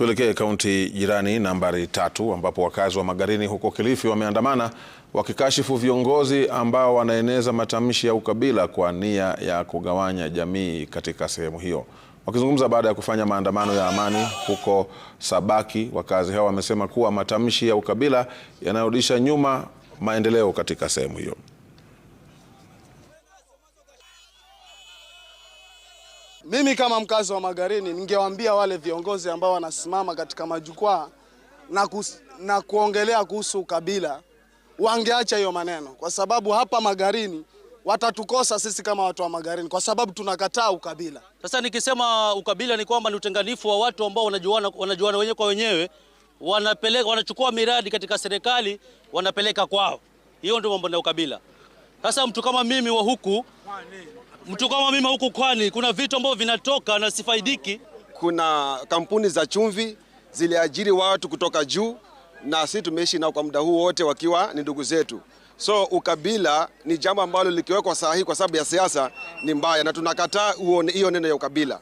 Tuelekee kaunti jirani nambari tatu ambapo wakazi wa Magarini huko Kilifi wameandamana wakikashifu viongozi ambao wanaeneza matamshi ya ukabila kwa nia ya kugawanya jamii katika sehemu hiyo. Wakizungumza baada ya kufanya maandamano ya amani huko Sabaki, wakazi hao wamesema kuwa matamshi ya ukabila yanarudisha nyuma maendeleo katika sehemu hiyo. Mimi kama mkazi wa Magarini, ningewaambia wale viongozi ambao wanasimama katika majukwaa na, na kuongelea kuhusu ukabila wangeacha hiyo maneno, kwa sababu hapa Magarini watatukosa sisi kama watu wa Magarini kwa sababu tunakataa ukabila. Sasa nikisema ukabila ni kwamba ni utenganifu wa watu ambao wanajuana, wanajuana wenyewe kwa wenyewe, wanapeleka wanachukua miradi katika serikali wanapeleka kwao. Hiyo ndio mambo ya ukabila. Sasa mtu kama mimi wa huku mtu kama mimi huku kwani kuna vitu ambavyo vinatoka na sifaidiki. Kuna kampuni za chumvi ziliajiri watu kutoka juu, na sisi tumeishi nao kwa muda huu wote wakiwa ni ndugu zetu. So ukabila ni jambo ambalo likiwekwa sahihi kwa sababu ya siasa ni mbaya, na tunakataa hiyo neno ya ukabila.